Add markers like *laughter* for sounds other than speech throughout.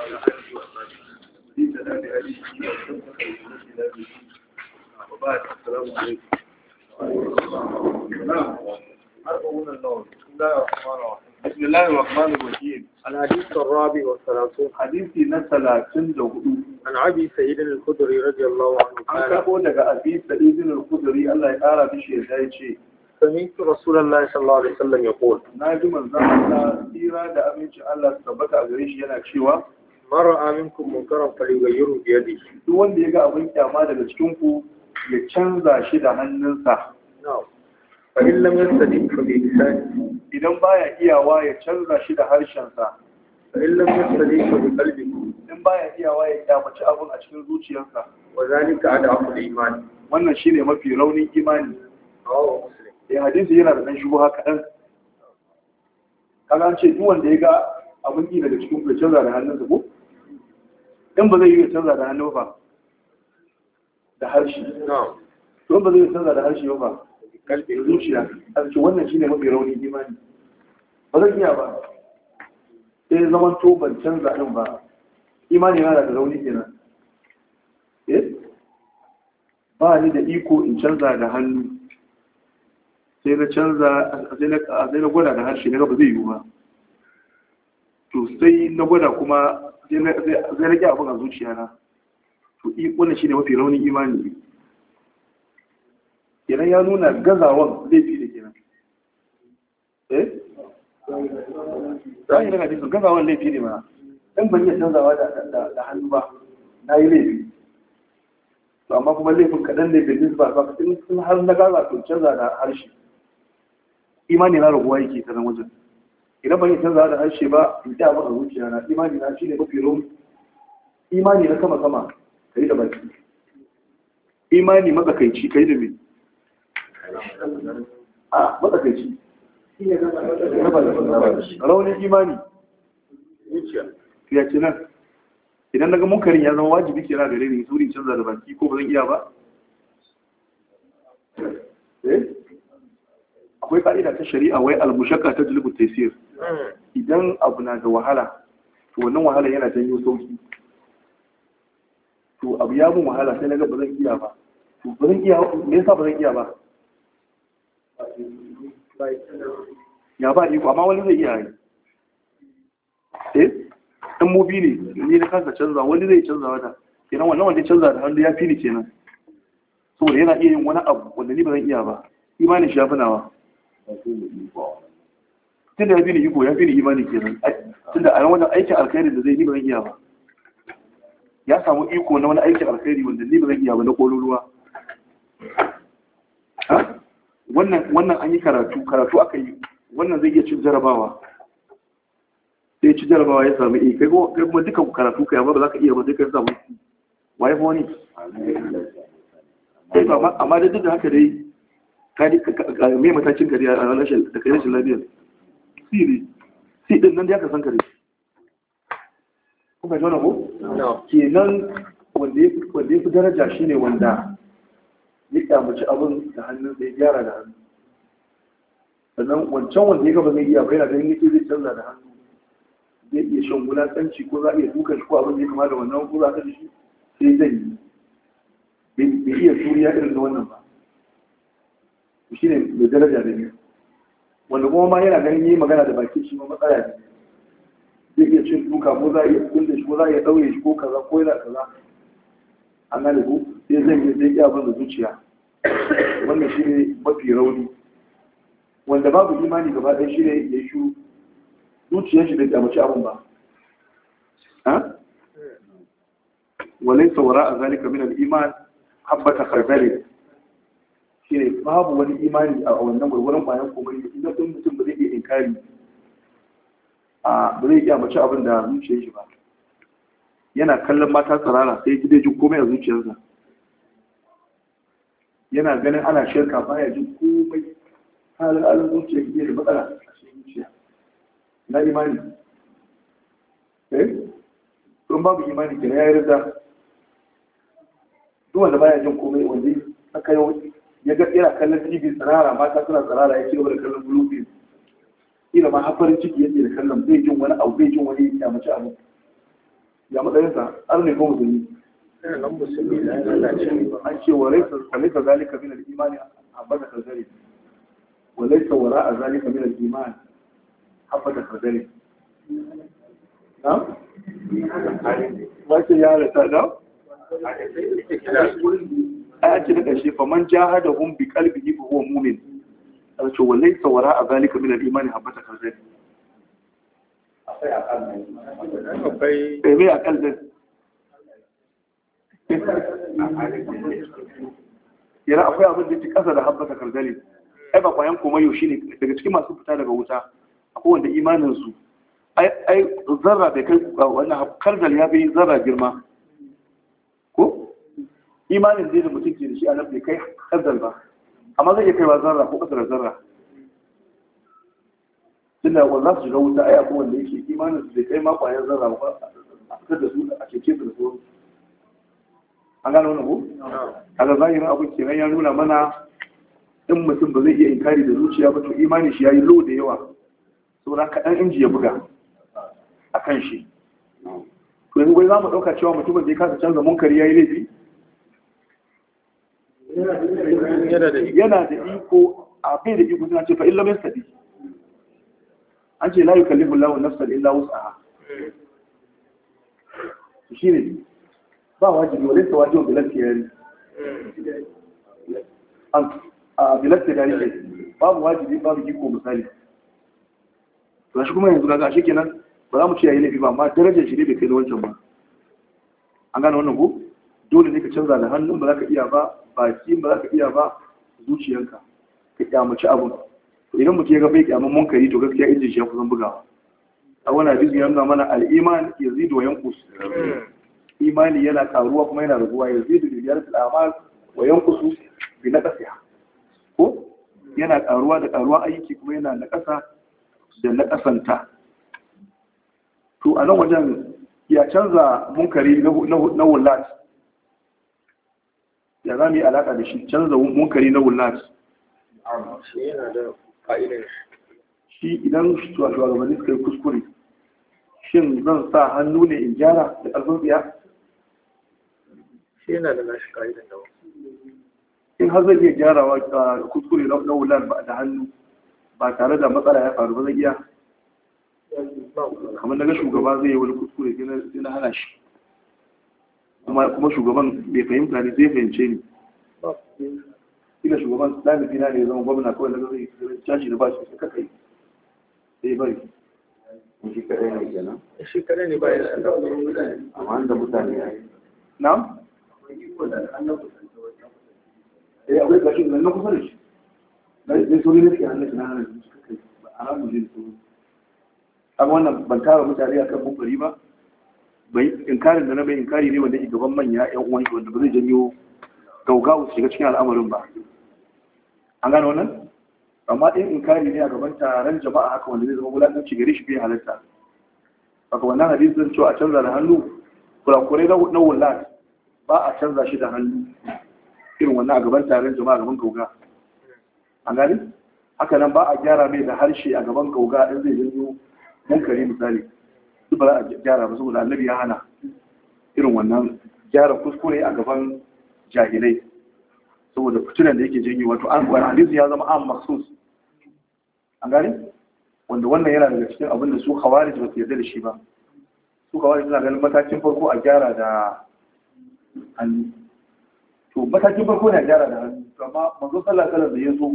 وعلى آله وصحبه ومن تلا بهديه واستمسك بسنته إلى وبعد السلام عليكم بسم الله الرحمن الرحيم الحديث الرابع والثلاثون حديثي نسلا تندو عن أبي سعيد الخدري رضي الله عنه قال أنت أقول لك أبي سعيد الخدري الله يقال بشيء زي شيء سمعت رسول الله صلى الله عليه وسلم يقول ناجم الزمن سيرة دا أمين الله سبك أغريش ينك شيوا mara aminkum munkaran falyughayyiru bi yadihi duk wanda ya ga abin kyama daga cikin ku ya canza shi da hannunsa fa in lam yastadi fa bi lisani idan baya iyawa ya canza shi da harshensa fa in lam yastadi fa bi qalbi in baya iyawa ya kyamaci abun a cikin zuciyarsa wa zalika adafu al-iman wannan shine mafi raunin imani eh hadisi yana da dan shubha kadan kaga an ce duk wanda ya ga abin yi daga cikin ku ya canza da hannunsa ko dan ba zai yi canza da hannu ba da harshe don ba zai yi canza da harshe ba kalbi zuciya a cikin wannan shine mafi rauni imani ba zan iya ba sai zaman to ban canza din ba imani yana da rauni kenan eh ba ni da iko in canza da hannu sai na canza sai na gwada da harshe na ba zai yiwu ba to sai na gwada kuma zai rage abin a zuciya na to wannan shi ne mafi raunin imani idan ya nuna gazawan laifi da kenan eh za a yi daga jisun gazawan laifi ne mana ɗan ban iya canzawa da hannu ba na yi laifi to amma kuma laifin kaɗan ne bin nisba ba in har na gaza to canza da harshe imani na raguwa yake ta nan wajen idan ban yi canza da harshe ba in ta ba a zuciya na imani na shine mafi rum imani na sama sama yi da baki imani matsakaici kai da me a matsakaici raunin imani ya ce nan idan naga munkarin ya zama wajibi kira gare ni saurin canza da baki ko ba zan iya ba eh? akwai ka'ida ta shari'a wai al-mushakka tajlibu taysir idan abu na da wahala to wannan wahala yana janyo sauki to abu ya mun wahala sai na ga ba zan iya ba to ba zan iya me yasa ba zan iya ba ya ba ni amma wani zai iya yi eh dan mobi ne ni na kanka canza wani zai canza wata kenan wannan wanda canza da hannu ya fi ni kenan saboda yana iya yin wani abu wanda ni ba zan iya ba imanin shi ya fi nawa tun da ya fi ni iko ya fi ni imani kenan tun da a wani aikin alkhairi da zai yi ba iya ba ya samu iko na wani aikin alkhairi wanda ni ba iya ba na kololuwa wannan wannan an yi karatu karatu aka yi wannan zai iya cin jarabawa sai ci jarabawa ya samu eh kai kuma duka karatu kai amma ba za ka iya ba sai ka samu waye fa wani sai ba amma da duk da haka dai ka mai matakin kariya a ranar da kai rashin lafiya si si din nan da yaka san kare ku fahimta jona ko kenan wanda ya fi daraja shi ne wanda ya kyamaci abin da hannun sai gyara da hannu sannan wancan wanda ya gaba zai iya bai na ganin yake zai canza da hannu zai iya shan wulatsanci ko za a iya dukan shi ko abin da ya kama da wannan ko za a shi sai zai yi bai iya turiya irin da wannan ba shi ne mai daraja da biyu wanda kuma ma yana ganin yi magana da baki shi ma matsala ne zai iya cin duka ko za a iya kulle shi ko za a iya ɗaure shi ko kaza ko yana kaza an gane ku? sai zan iya zai iya abin da zuciya wannan shi ne mafi rauni wanda babu imani gaba ɗaya shi ne ya shu zuciyar shi bai kyamaci abin ba وليس وراء ذلك من الإيمان حبة خردل shi ne babu wani imani a wannan gurgurun bayan komai da idan ɗin mutum ba zai iya inkari a ba zai iya mace abin da zuciyar shi ba yana kallon mata tsarara sai ji ji komai a zuciyarsa yana ganin ana shirka baya jin komai halin alin zuciya ke da matsala a cikin zuciya na imani eh don babu imani kenan ya yarda duk wanda baya jin komai wanda aka yi ya ga yana kallon tv tsirara mata suna tsirara ya ci gaba da kallon bluebeam Ina ma har farin ciki yake da kallon bai jin wani abu bai jin wani ya mace abu ya an ne ko musulmi an ce wa laisa laisa zalika min al-imani abada kadari wa laisa wara'a zalika min al-imani abada kadari na ba ce ya rasa da ayati na ƙarshe fa man jahada hum bi qalbihi fa huwa mu'min a wallahi sawara a zalika min al-iman habata kaza akwai ne akwai me akal yana akwai abin da ke kasa da habbata kardali ai ba kwayan kuma yau shine daga cikin masu fita daga wuta akwai wanda imanin su ai zarra bai kai wannan kardal ya bai zarra girma ko imanin da mutu shi a nan bai kai ƙasar ba amma zai iya kai kaiwa zarra ko ƙasar zarra tunda wanda za su shiga wuta ai akwai wanda yake imanin su bai kai ma ƙwayar zarra ba a fitar da su a cece su da sauran an gano wani ko kaga zahirin abu kenan ya nuna mana in mutum ba zai iya inkari da zuciya ba to imanin shi ya yi lo da yawa saboda kaɗan inji ya buga a kan shi to yanzu wai za mu ɗauka cewa mutumin da ya kasa canza munkari ya yi laifi yana da iko a bai da iko suna ce fa illa mai sadi an ce la yukallifu Allahu nafsan illa shi ne ba wajibi wala ta wajen bilal tiyari an a bilal tiyari babu wajibi babu iko misali ba shi kuma yanzu kaga shi kenan ba za mu ce yayi laifi ba amma darajar shi ne bai kai wancan ba an gane wannan ku. dole ne ka canza da hannun ba za ka iya ba baki ba za ka iya ba zuciyanka ka kyamaci abin idan mutum ya ga bai kyamun munkari to gaskiya injin shi ya kusan bugawa a wani hadisi ya nuna mana al'iman ya zido wa yankus imani yana karuwa kuma yana raguwa ya zido da biyar al'amal wa yankusu bi na ƙasa ko yana karuwa da karuwa aiki kuma yana na ƙasa da na ƙasanta to a nan wajen ya canza munkari na wulat ya za mu yi alaƙa da shi canza munkari na wullat shi idan shugabanni suka yi kuskure shin zan sa hannu ne in gyara da ƙarfin biya shi yana da nashi ƙa'idan da in har zai iya gyarawa a ah, kuskure na wulan ba da hannu ba tare da matsala ya faru ba zai iya kamar daga shugaba zai yi wani kuskure sai na hana shi kuma shugaban bai fahimta ne zai fahimce ni ina shugaban ɗalibi na ne zama gwamna kawai daga zai caji da bashi shi suka kai sai eh, bari shi kaɗai ne kenan shi kaɗai ne bai an da mutane amma an da mutane ya yi na? eh akwai kashi da na kusa da shi na sauri na ke hannun na hannun suka kai ba a ramu jin tsoro a wannan ban tara mutane a kan bukari ba bai inkarin da na bai inkari ne wanda gaban manya yan uwan shi wanda ba zai janyo gaugawa su shiga cikin al'amarin ba an gano wannan amma ɗin inkari ne a gaban taron jama'a haka wanda zai zama wulaƙanci gari shi bai halatta haka wannan zan cewa a canza da hannu kurakurai na wulat ba a canza shi da hannu irin wannan a gaban taron jama'a gaban gauga an gani haka nan ba a gyara mai da harshe a gaban gauga ɗin zai janyo munkari misali ba za a gyara ba saboda annabi ya hana irin wannan gyara kuskure a gaban jahilai saboda fitinan da yake janyo wato an wani hadisi ya zama an maksus an gane wanda wannan yana daga cikin abin da su khawarij ba su yarda da shi ba su khawarij suna ganin matakin farko a gyara da hannu to matakin farko ne a gyara da hannu amma manzo sallallahu alaihi wasallam da yazo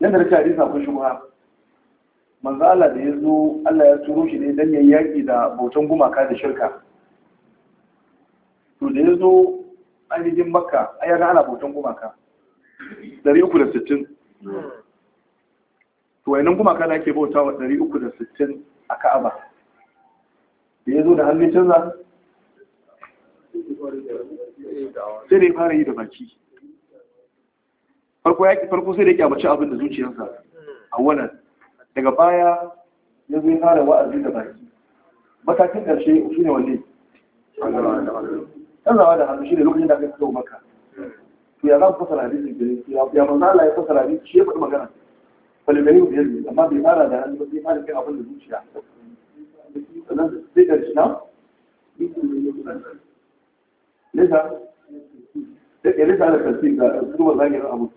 yanda da hadisi akwai shubha manzo Allah da ya zo Allah ya turo shi ne dan yayi yaƙi da bautan gumaka da shirka to da ya zo ainihin makka ai ga ana bautan gumaka 360 to nan gumaka da ake bauta wa 360 a Ka'aba da ya zo da hannun canza sai da ya fara yi da baki farko sai da ya kyamaci abin da zuciyarsa a wannan daga baya ya zo fara wa'azi da baki matakin ƙarshe shi ne wanne zama da hannu shi ne lokacin da aka fito maka to ya za mu fasara hadisin da ya ya manzo Allah ya fasa rabi shi ya faɗi magana falibari da yanzu amma bai fara da hannu bai fara kai abin da zuciya sannan sai ƙarshe na nisa da ƙarfi da ƙarfi ga zuwa zagirin abu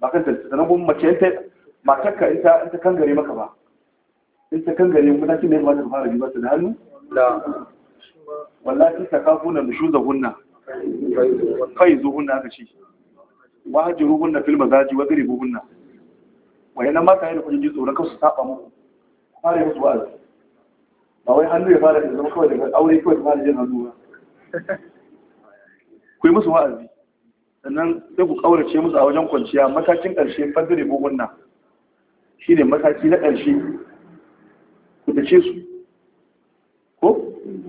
ba kan tattalin mace matakka ita in kan kangare maka ba in ta ku mutaki ne ba ta fara bi ba su da hannu wallahi ta kafu na mushu da hunna zu hunna aka ce wa hajiru hunna fil mazaji wa garibu hunna yana mata yana kujin jitsu tsoron kansu saba mu fara musu wa'azi ba wai hannu ya fara da zama kawai daga aure kawai da fara jin hannu ba ku yi musu wa'azi sannan sai ku kaurace musu a wajen kwanciya matakin ƙarshe fadiri bugunna shi ne mataki na ƙarshe ku ce su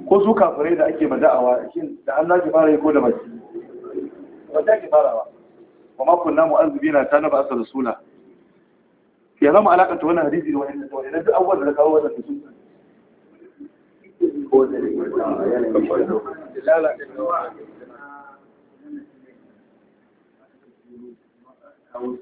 ko su kafirai da ake mada'awa da an lafi fara yi ko da baki wanda ake farawa wa ma kunna na ta na ba asa ya zama alaƙa ta wannan hadisi da wannan da duk abubuwan da na kawo wannan su Thank you.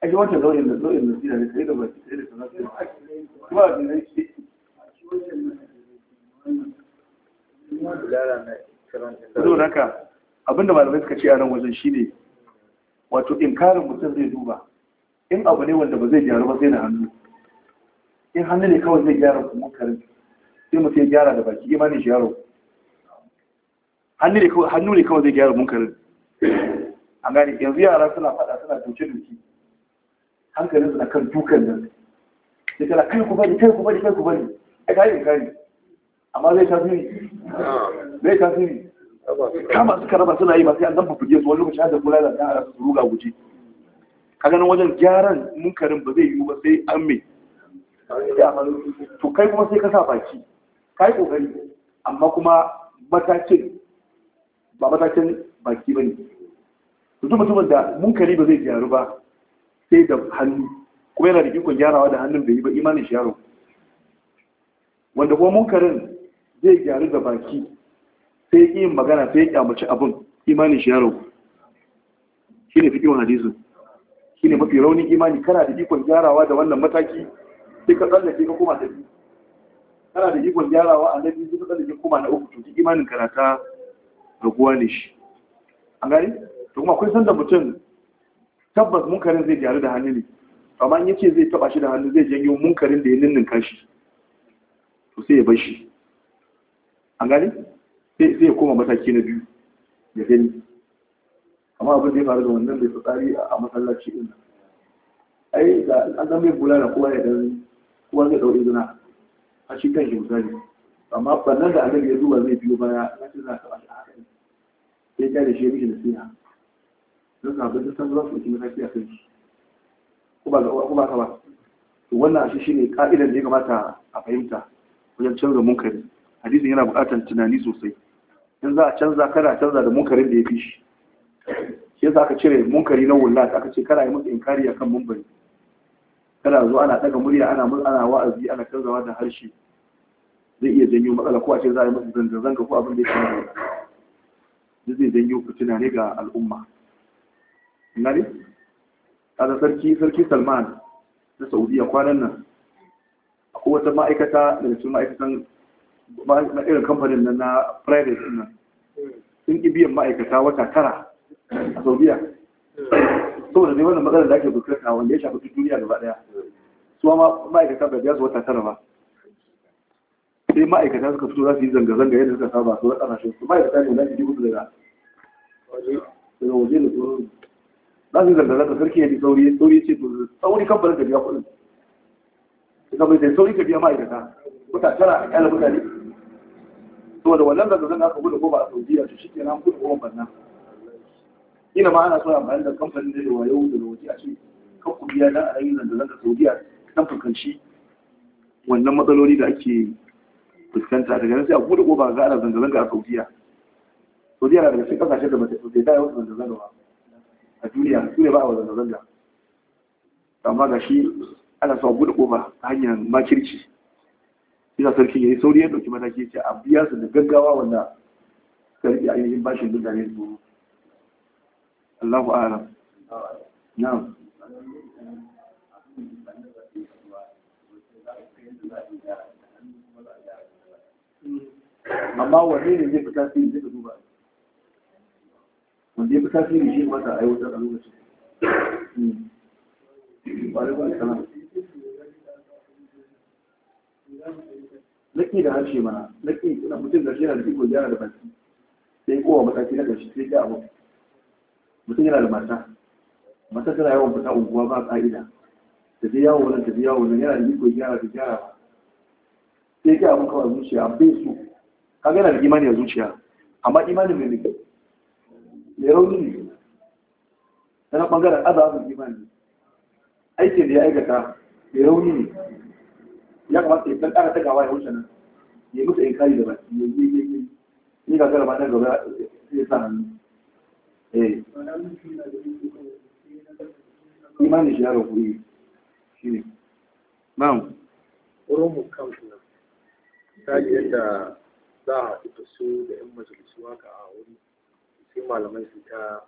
ake wancan zaurin da zaurin da zira da sai da baki sai da sanar da kuma da nan shi zo naka abinda malamai suka ce a nan wajen shine wato inkarin mutum zai duba in abu ne wanda ba zai gyaru ba sai na hannu in hannu ne kawai zai gyara kuma munkarin sai mutum ya gyara da baki imanin shi yaro hannu ne kawai zai gyara munkarin an gani yanzu yara suna fada suna doce doki hankalin suna kan dukan nan sai kala kai ku bari kai ku bari kai ku bari ai kai kai amma zai tasiri zai tasiri kama su karaba suna yi ba sai an zan fuge su wani lokaci har da kula da ta ruga guje kaga wajen gyaran munkarin ba zai yiwu ba sai an mai to kai kuma sai ka sa baki ka yi ƙoƙari amma kuma matakin ba matakin baki ba ne mutum mutumin da munkari ba zai gyaru ba sai da hannu kuma yana da ikon gyarawa da hannun bai yi ba imanin shi yaro wanda kuma munkarin zai gyaru da baki sai yin magana sai ya kyamaci abin imanin shi yaro shi ne fi shine shi ne mafi raunin imani kana da ikon gyarawa da wannan mataki sai ka tsallake ka koma ta biyu kana da ikon gyarawa a nabi sai ka tsallake koma na uku to imanin ka na ta raguwa ne shi an gani to kuma akwai sanda mutum tabbas munkarin zai gyaru da hannu ne amma in yace zai taba shi da hannu zai janyo munkarin da ya ninninka shi to sai ya bar shi an gani sai ya koma mataki na biyu ya gani amma abin da ya faru da wannan bai fitsari a masallaci din ai da an zama mai bula da kowa ya dan kowa zai ɗauki zina a shi kan shi misali amma ɓannan da annabi ya zuwa zai biyo baya na cikin zaka ba shi a haka sai ya da shi ya mishi siya don ka sun san zuwa su ɗauki mataki a kai shi ko ba ka ba to wannan shi shine ƙa'idar da ya kamata a fahimta wajen canza munkari hadisin yana buƙatar tunani sosai in za a canza kada a canza da munkarin da ya fi shi shi yasa aka cire munkari na wulla aka ce kada yi musu inkari akan mumbari kada zo ana daga murya ana ana wa'azi ana kanzawa da harshe zai iya janyo matsala ko a ce za a yi masa zanga zanga ko abin da ya kamata duk zai janyo fitina ne ga al'umma ngani kada sarki sarki Salman na Saudiya kwanan nan akwai wata ma'aikata daga cikin ma'aikatan na irin kamfanin nan na private din nan sun ki biyan ma'aikata wata tara a Saudiya saboda dai wannan matsalar da ake fuskanta wanda ya shafi duk duniya gaba daya su ma ma'aikata bai biya su wata tara ba sai ma'aikata suka fito za su yi zanga-zanga yadda suka saba su wata rashin su ma'aikata ne za su yi gudu daga daga waje da tsoron za su yi zanga-zanga sarki ya ji sauri sauri ce to sauri kamfanin ka biya kuɗin suka bai sai sauri ka biya ma'aikata kuta tara a kyala mutane saboda wannan zanga-zanga aka gudu ko ba a saudiya to shi kenan gudu ko ban nan ina ma ana so a da kamfanin da yawa yau da waje a ce kan ku biya dan alayi nan da zaka saudiya dan fuskanci wannan matsaloli da ake fuskanta daga nan sai a buɗe ƙofa ga ana zanga-zanga a saudiya saudiya na daga cikin ƙasashen da mace da daya wasu zanga-zanga a duniya su ne ba a zanga-zanga amma ga shi ana so a da ƙofa ta hanyar makirci ina sarki ya yi sauri ya ɗauki mataki ya ce a biya su da gaggawa wanda suka riƙe ainihin bashin ne su الله أعلم نعم amma wanne ne zai fi tasiri zai duba wanda ya fi tasiri shi mata aiwatar a lokacin hmm. Laki da harshe mana, laki mutum da shi na da iko gyara da baki, sai kowa mataki na ƙarshe sai ga abu. mutum yana da mata mata tana yawan fita unguwa ba ka'ida ta je yawon nan ta je yawon nan yana da iko gyara ta gyara ba sai ga abin kawai zuciya bai su. kaga yana da imani a zuciya amma imanin mai nufi mai rauni ne na bangaren azabin imani aikin da ya aikata mai rauni ne ya kamata ya ta gawa ya wuce nan ya mutu in kari da baki ya yi ya yi ya ga garba na gaba ya sa hannu Eh. imanin shi ya ragu shi ne ma'am wurin hukam ta ta yadda za a haɗu su da 'yan majalisu haka a wuri sai malamai su ta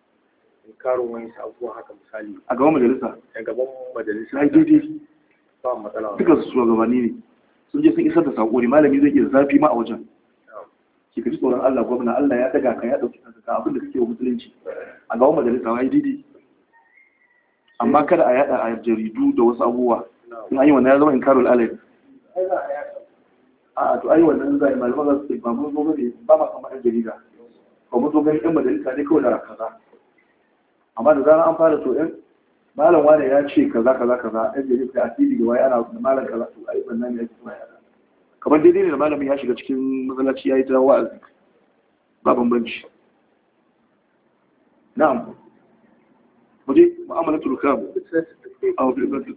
inkarin wani abubuwa haka misali a gaban majalisa a gaban majalisa ai daidai ba matsala duka su shugabanni ne sun je sun isar da saƙo ne malami zai iya zafi ma a wajen ki kaji tsoron Allah gwamna Allah ya daga ka ya dauki kanka ka abin da kake wa musulunci a wanda majalisa wai didi amma kada a yada a jaridu da wasu abubuwa in an yi wannan ya zama inkarul alai a to ayi wannan zai malama za su ce ba mun zo gani ba ma kamar yan jarida ba mun zo gani yan majalisa ne kawai da kaza amma da zarar an fara to yan malam wane ya ce kaza kaza kaza yan jarida a tv da wai ana malam kaza to ayi wannan ne ya ce kamar daidai ne da malami ya shiga cikin matsalaci ya yi ta wa'azi ba bambanci na'am muje mu'amalatul kamu a wajen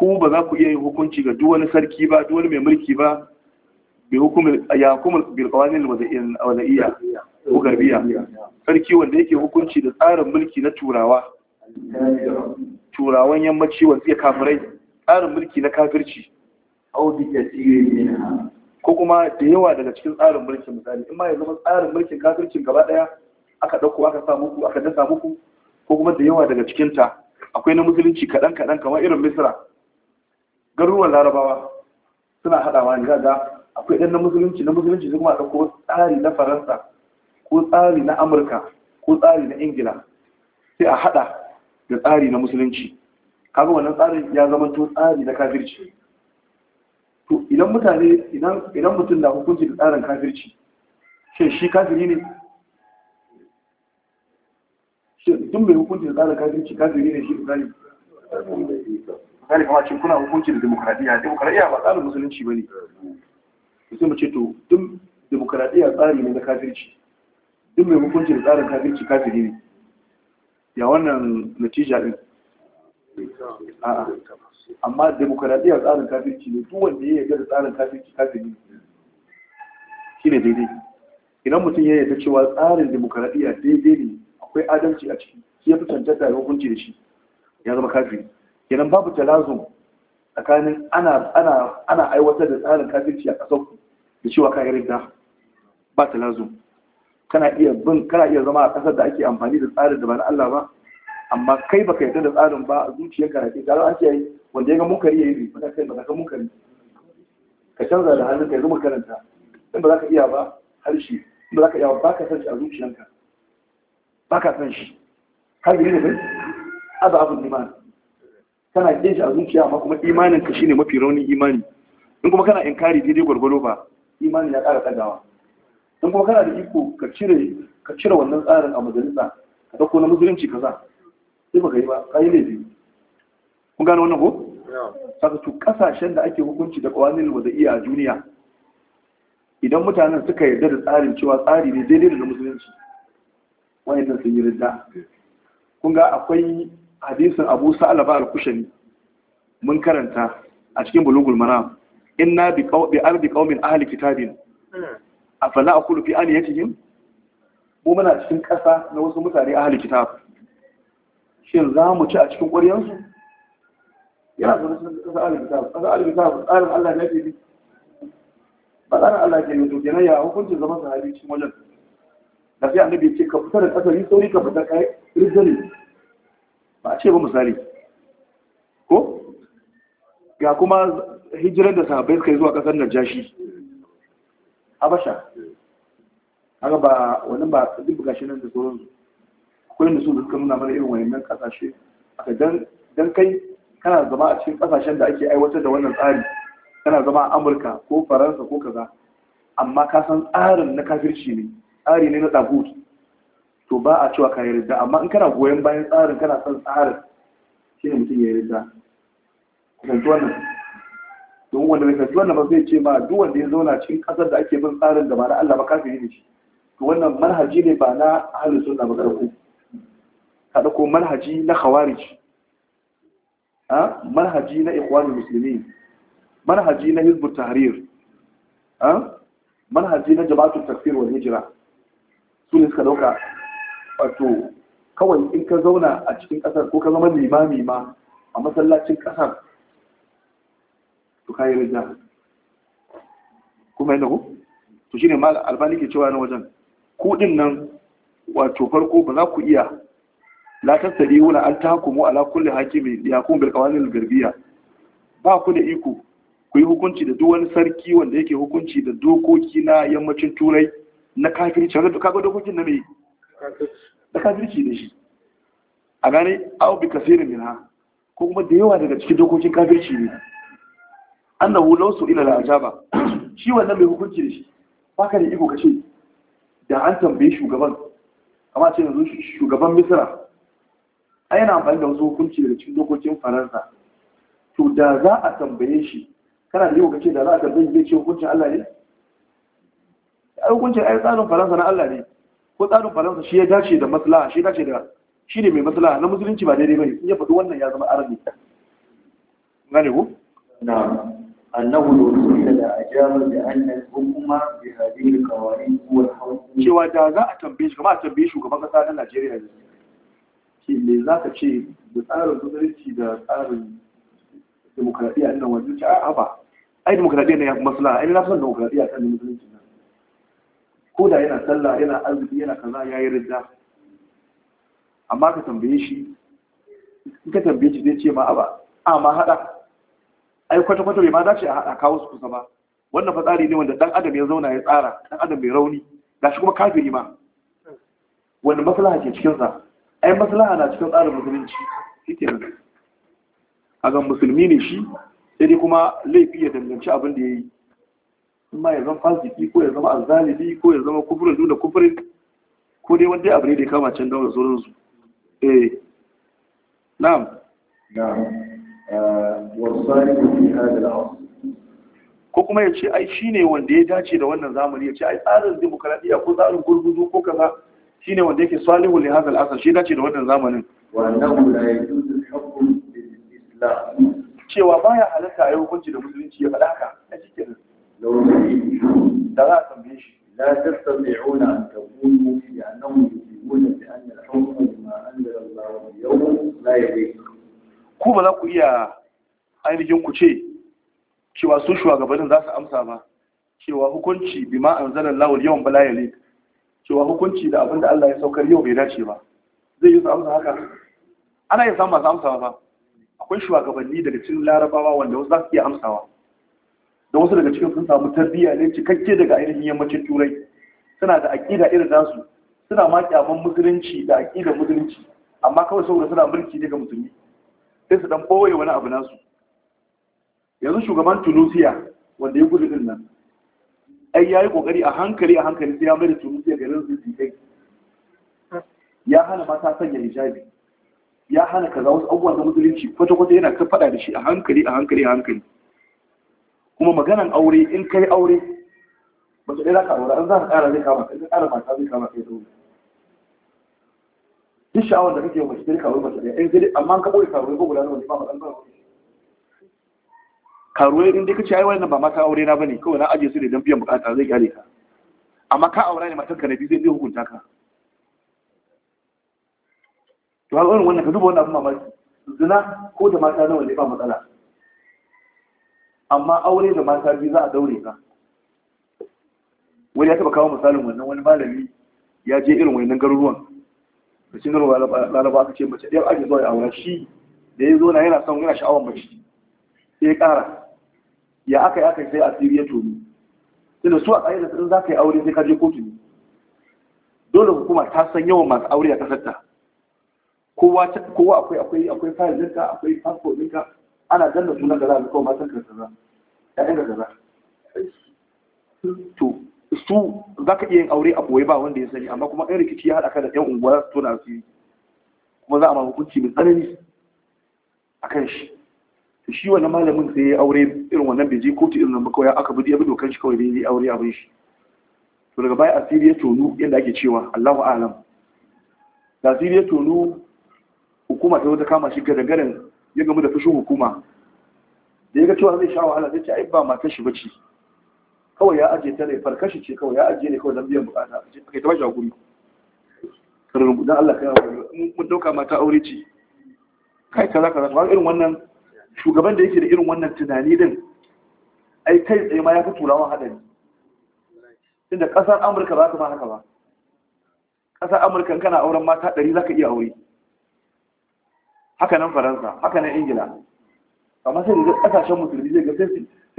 ku ba za ku iya yin hukunci ga duwani sarki ba duwani mai mulki ba bi hukumar ya hukumar bil qawanin wadaiya ko garbiya sarki wanda yake hukunci da tsarin mulki na turawa turawan yammaci wanda ya kafirai tsarin mulki na kafirci ko kuma da yawa daga cikin tsarin mulkin misali in ma ya zama tsarin mulkin kafircin gaba daya aka dauko aka sa muku aka dasa muku ko kuma da yawa daga cikin ta akwai na musulunci kadan kadan kamar irin misra garuruwan larabawa suna haɗawa ne ga akwai ɗan na musulunci na musulunci su kuma ko tsari na faransa ko tsari na amurka ko tsari na ingila sai a haɗa da tsari na musulunci kaga wannan tsarin ya zama to tsari na kafirci to idan mutane idan mutum na hukunci da tsarin kafirci shi shi kafiri ne shi duk mai hukunci da tsarin kafirci kafiri ne shi tsari misali kamar cin kuna hukunci da demokradiyya demokradiyya ba tsarin musulunci ba ne sai mu ce to duk demokradiyya tsari ne na kafirci duk mai hukunci da tsarin kafirci kafiri ne ya wannan natija din amma demokradiyya tsarin kafirci ne duk wanda ya yarda da tsarin kafirci kafiri ne shine daidai idan mutum ya yarda cewa tsarin demokradiyya daidai ne akwai adalci a ciki sai ya fi cancanta da hukunci da shi ya zama kafiri kenan babu talazun tsakanin ana aiwatar da tsarin kafirci a kasar da cewa ka yarda ba talazun kana iya bin kana iya zama a kasar da ake amfani da tsarin da ba na Allah ba amma kai baka yarda da tsarin ba a zuciyarka da ke gano an yi wanda ya ga munkari ya yi ba riba kai baka ga munkari ka canza da ka yanzu zuma karanta in ba za ka iya ba harshe in ba za ka iya ba ka san shi a zuciyarka ba ka san shi har gari da kai abu abun liman kana kin shi a zuciya amma kuma imanin ka shine mafi raunin imani in kuma kana inkari daidai gwargwado ba imanin ya ƙara ɗagawa in kuma kana da iko ka cire ka cire wannan tsarin a majalisa ka ɗauko na musulunci ka sa, sai baka yi ba ka yi laifi kun gane wannan ko saka to kasashen da ake hukunci da kwanin wada'iya a duniya idan mutanen suka yarda da tsarin cewa tsari ne daidai da musulunci wayannan sun yi ridda kun ga akwai hadisin abu sa'alaba al-kushani mun karanta a cikin bulugul maram inna bi qawbi ardi qaumin ahli kitabin afala aqulu fi aniyatihim mu muna cikin kasa na wasu mutane ahli kitab shin za mu ci a cikin ƙuryansu yana zama cikin kasa ahli kitab kasa ahli kitab tsarin Allah ne ke bi ba tsarin Allah ke yanzu gina ya hukuncin zaman sahabi cikin wajen da sai annabi ya ce ka fita da kasari sauri ka fita kai rizali ba a ce ba misali ko ga kuma hijirar da sahabai suka yi zuwa ƙasar najashi habasha haka ba wani ba duk gashi nan da tsoron su akwai da su da suka nuna mana irin wayannan ƙasashe aka dan kai kana zama a cikin kasashen da ake aiwatar da wannan tsari kana zama a amurka ko faransa ko kaza amma ka san tsarin na kafirci ne tsari ne na ɗabutu to ba a cewa ka yarda amma in kana goyon bayan tsarin kana son tsarin shi ne mutum ya yarda kusanci wannan don wanda bai kasu wannan ba zai ce ma duk wanda ya zauna cikin kasar da ake bin tsarin da ba na Allah ba kafiri ne shi to wannan manhaji ne ba na ahlus sunna ba karko ka dauko manhaji na khawarij ha manhaji na ikhwanul muslimin manhaji na hizb tahrir ha manhaji na jama'atul takfir wal hijra su ne suka dauka wato kawai in ka zauna a cikin ƙasar ko ka zama limami ma a masallacin ƙasar to kayi rija kuma yana ku to shine mal albani ke cewa na wajen kuɗin nan wato farko ba za ku iya la tasari wala an tahkumu ala kulli hakimin yakum bil qawanil garbiya ba ku da iko ku yi hukunci da duk wani sarki wanda yake hukunci da dokoki na yammacin turai na kafirci wanda kaga dokokin na mai kafirci da shi a gane aw bi kasirin ha, ko kuma da yawa daga cikin dokokin kafirci ne annahu law su ila al-ajaba shi wannan mai hukunci da shi Ba ka da iko kace da an tambaye shugaban amma ce yanzu shugaban Misira. a yana amfani da wasu hukunci daga cikin dokokin faransa to da za a tambaye shi kana da iko kace da za a tambaye zai ce hukuncin Allah ne ai hukuncin ai tsarin faransa na Allah ne ko tsarin faransa shi ya dace da maslaha shi dace da shi ne mai maslaha na musulunci ba daidai bane in ya faɗi wannan ya zama arabi gane ku na annahu lulu da ajaba da annal hukuma bi hadhihi alqawanin huwa alhawm cewa da za a tambaye shi kamar a tambaye shugaban kasa na Najeriya ne shi me zaka ce da tsarin musulunci da tsarin demokradiyya ina wajen ci a ba ai demokradiyya ne ya maslaha ai na san demokradiyya kan musulunci na ko da yana sallah yana arziki yana kaza ya yi ridda amma ka tambaye shi in ka tambaye shi zai ce ma aba a ma haɗa ai kwata-kwata bai ma dace a haɗa kawo su kusa ba wannan fa tsari ne wanda ɗan adam ya zauna ya tsara ɗan adam mai rauni gashi kuma kafiri ma wanda maslaha ke cikinsa ai maslaha na cikin tsarin musulunci shike nan a ga musulmi ne shi sai dai kuma laifi ya danganci abin da ya yi ma ya zama fasiki ko ya zama azzalimi ko ya zama kufurin duna kufurin ko dai wanda abu ne da ya kama can don sauran su eh na'am na'am eh, wasani fi hadal asr ko kuma ya ce ai shine wanda ya dace da wannan zamani ya ce ai tsarin demokradiya ko tsarin gurguzu ko kaza shine wanda yake salihu li hadal asr shi dace da wannan zamanin wa annahu da yajuzu al-hukm bil islam cewa baya halatta ayi hukunci da musulunci ya faɗa haka ku ba za ku iya ainihin ku ce cewa su shugabannin za su amsa ba cewa hukunci bi ma anzalan lawal yawan bala ne. cewa hukunci da abinda Allah ya saukar yau bai dace ba zai yi su amsa haka ana yin samun masu amsawa ba akwai shugabanni daga cikin larabawa wanda wasu za su iya amsawa da wasu daga cikin sun samu tarbiyya ne cikakke daga ainihin yammacin turai suna da aƙida irin nasu suna ma kyaman musulunci da aƙidar musulunci amma kawai saboda suna mulki daga musulmi sai su dan ɓoye wani abu nasu yanzu shugaban tunisia wanda ya gudu din nan ai ya yi ƙoƙari a hankali a hankali sai ya mai da tunisia garin su kai ya hana mata sanya hijabi ya hana kaza wasu abubuwan da musulunci kwata-kwata yana ta faɗa da shi a hankali a hankali a hankali kuma maganan aure in kai aure ba su ɗaya za ka aure an za ka ƙara zai kama in ka ƙara mata zai kama kai dole duk sha'awar da kake yi mace ka aure mace ɗaya eh, in dai amma ka ɓoye karuwai ko guda nawa ne ba matsan ba karuwai in dai ka ce ai wannan ba mata aure na bane kawai na ajiye su ne don biyan bukata zai gyare ka amma ka aure ne matarka na biyu zai biyo hukunta ka to har wannan ka duba wannan abin mamaki zina ko da mata nawa ne ba matsala amma aure da mata biyu za a daure ka wani ya taba kawo misalin wannan wani malami ya je irin wani garuruwan da shi nuna lalaba aka ce mace ɗaya ake zuwa ya aure shi da ya zo na yana son yana sha'awar mace ya ƙara ya aka yi aka sai asiri ya tuni tunda su a tsaye da tsarin za ka yi aure sai ka je kotu ne dole hukuma ta san yawan masu aure a ƙasar ta kowa akwai akwai akwai fayil ɗinka akwai fasfo ɗinka ana danna sunan da za a kawo matan kaza ƴaƴan da kaza to su za ka iya yin aure a ɓoye ba wanda ya sani amma kuma in rikici ya haɗa ka da ɗan unguwa su tona su kuma za a ma hukunci mai tsanani a kan shi to shi wannan malamin sai ya aure irin wannan bai je kotu irin nan ba kawai aka bi ya bi dokan shi kawai bai yi aure abin shi to daga baya asiri ya tonu yadda ake cewa Allahu a'lam da asiri ya tonu hukuma ta wata kama shi dangaren ya gama da fushin hukuma da ya ga cewa zai sha wahala zai ce ai ba matar shi bace kawai ya ajiye ta ne farkashi ce kawai ya ajiye ne kawai don biyan bukata kai ta bashi hakuri karin dan Allah kai hakuri mun dauka mata aure ce kai kaza kaza ba irin wannan shugaban da yake da irin wannan tunani din ai kai tsaye ma ya fi turawan hadari inda kasar Amurka ba ta ma haka ba kasar Amurka kana auren mata 100 zaka iya aure haka nan faransa haka nan ingila amma sai da kasashen musulmi zai ga sai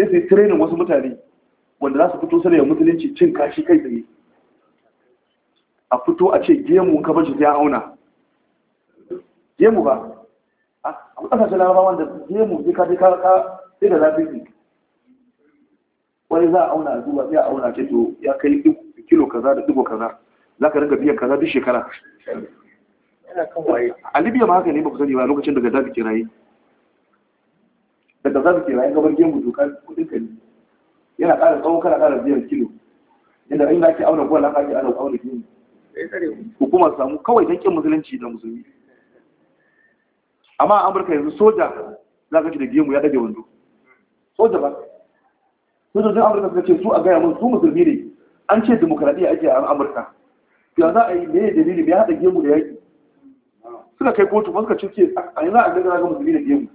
su yi training wasu mutane wanda za su fito sai da musulunci cin kashi kai tsaye a fito a ce gemu ka bar shi sai ya auna gemu ba a kasashen larabawa wanda gemu zai ka ka sai da zafi ne wani za a auna a sai a auna ce to ya kai kilo kaza da digo kaza za ka rinka biyan kaza duk shekara a libya ma haka ne ba ku sani ba lokacin da gaddafi ke raye da gaddafi ke raye gabar gemu dokar kudin kari yana ƙara tsawon kana ƙara biyar kilo inda inda ake auna kuwa haka ake auna auna gemu hukuma samu kawai don ƙin musulunci da musulmi amma a amurka yanzu soja za ka ci da gemu ya ɗage wando soja ba sojojin amurka suka ce su a gaya mun su musulmi ne an ce demokradiyya ake a amurka ya za a yi me dalilin ya haɗa gemu da yaƙi suka kai kotu masu ke a yana a gagara ga musulmi da biyan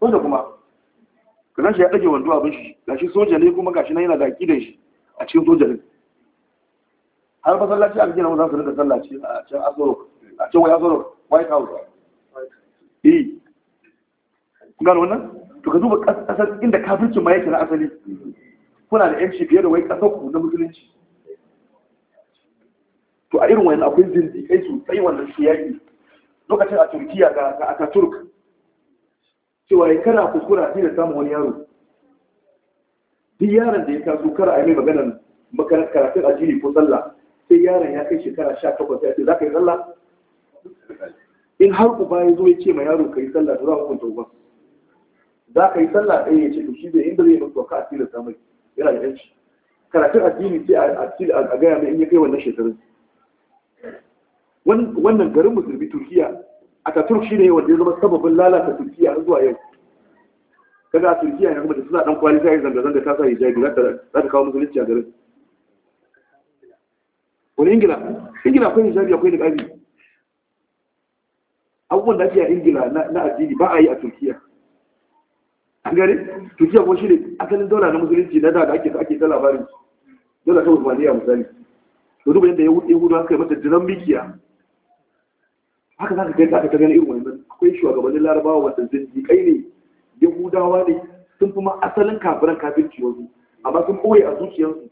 soja kuma kanan shi ya ɗage wando abin shi gashi soja ne kuma shi na yana da aƙidan shi a cikin soja ne har sallaci a gina za su rika sallaci a can azoro a can waya white house e. Eh. Kuma gano wannan to ka duba kasar inda kafircin ma yake na asali kuna da yanci fiye da wai kasar ku na musulunci to a irin wani akwai zindiƙai sosai wannan su yaƙi lokacin a turkiya ga ataturk cewa ya kana kuskura da samun wani yaro duk yaron da ya taso kara a yi mai maganar makarar karatun addini ko sallah sai yaron ya kai shekara sha takwas ya ce za ka yi sallah in har ku baya zo ya ce ma yaro ka yi sallah to za ku kunta uba za ka yi sallah ɗaya ya ce to shi zai inda zai mutu ka asirin samai yana da yanci karatun addini sai a gaya mai in ya kai wannan shekarun wannan garin musulmi turkiya a taturk shi ne wanda ya zama sababin lalata turkiya har zuwa yau daga turkiya ya kuma da suna dan kwali sai zanga-zanga ta sa hijabi za ta kawo musulunci a garin wani ingila ingila akwai hijabi akwai niqabi abubuwan da ake a ingila na addini ba a yi a turkiya an gari turkiya kuma shi ne asalin daula na musulunci na da da ake ake ta labarin daula ta usmaniya misali to da yadda yahudawa suka yi mata jiran mikiya haka za ka kai zaka ta gani irin wannan akwai shugabannin larabawa wanda kai ne yahudawa ne sun fi ma asalin kafiran kafirci wasu amma sun ɓoye a zuciyarsu